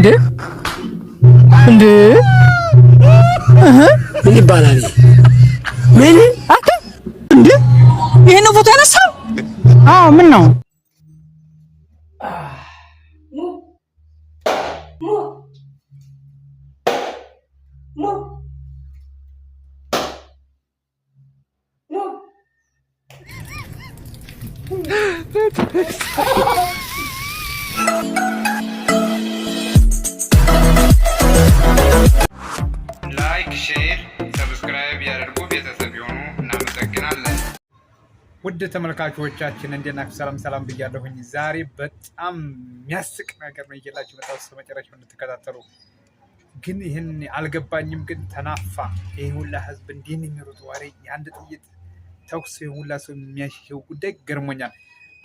እንዴ እንዴ ምን ይባላል? ምን አታ እንዴ ይሄን ፎቶ ያነሳው? አዎ ምን ነው ውድ ተመልካቾቻችን እንዴናችሁ? ሰላም ሰላም ብያለሁኝ። ዛሬ በጣም የሚያስቅ ነገር ነው እየላችሁ መጣሁ። እስከ መጨረሻው እንድትከታተሉ ግን ይህን አልገባኝም፣ ግን ተናፋ ይህ ሁላ ህዝብ እንዲህ የሚሩት ወሬ የአንድ ጥይት ተኩስ ይህ ሁላ ሰው የሚያሽው ጉዳይ ገርሞኛል።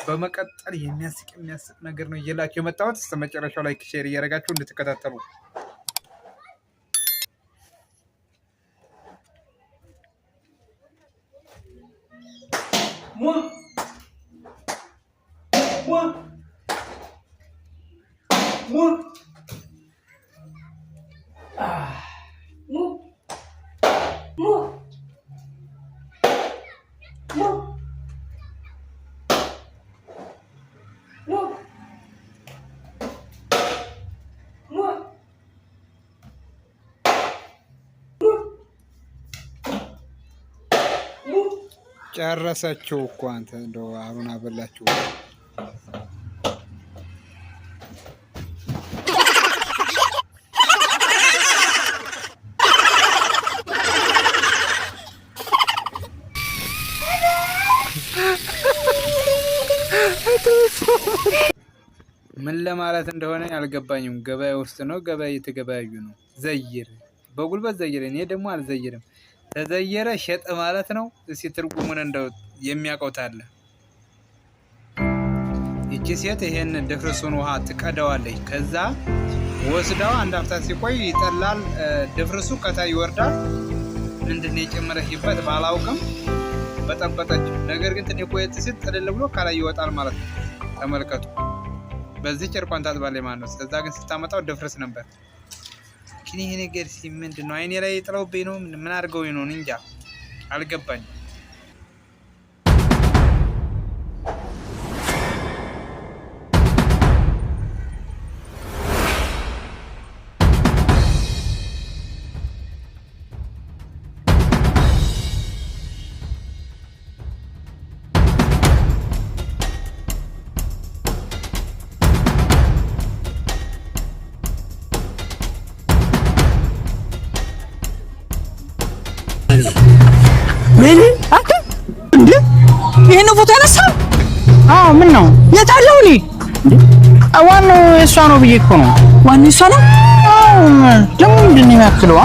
በመቀጠል የሚያስቅ የሚያስቅ ነገር ነው እየላችሁ የመጣሁት። እስከ መጨረሻው ላይ ሼር እያደረጋችሁ እንድትከታተሉ 摸，摸，摸，啊，摸，摸。ጨረሰችው እኮ አንተ እንደው አበላችሁ። ምን ለማለት እንደሆነ አልገባኝም። ገበያ ውስጥ ነው፣ ገበያ እየተገበያዩ ነው። ዘይር በጉልበት ዘይር፣ እኔ ደግሞ አልዘይርም። ተዘየረ ሸጠ ማለት ነው። እስኪ ትርጉሙን እንደው የሚያቆታለ ይቺ ሴት ይሄን ድፍርሱን ውሃ ትቀደዋለች። ከዛ ወስዳው አንድ አፍታ ሲቆይ ይጠላል፣ ድፍርሱ ከታ ይወርዳል። ምንድን የጨመረሽበት ባላውቅም በጠበጠችው። ነገር ግን ትንሽ ቆየት ሲል ጥልል ብሎ ከላይ ይወጣል ማለት ነው። ተመልከቱ። በዚህ ጨርቋን ታጥባለች ማለት ነው። ከዛ ግን ስታመጣው ድፍርስ ነበር። ይሄ ነገር እስኪ ምንድን ነው? አይኔ ላይ ጥለውብኝ ነው? ምን አድርገው ነው እንጃ አልገባኝም። ምን አታ እንዴ? ይሄን ፎቶ ያነሳው? አዎ። ምን ነው የታለው? እኔ ዋናው የእሷ ነው ብዬ እኮ ነው። ዋናው የእሷ ነው። አዎ። ደግሞ ምንድን ነው የሚያክለው?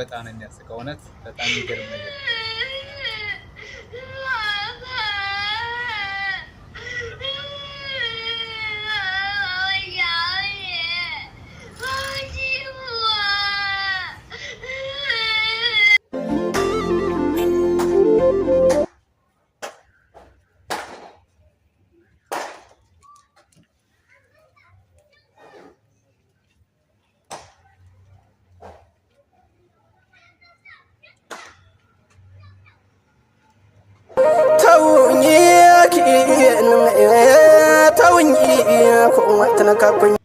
በጣም ነው የሚያስቀው። እውነት በጣም ይገርም ነገር ተውኝ ትነካኩኝ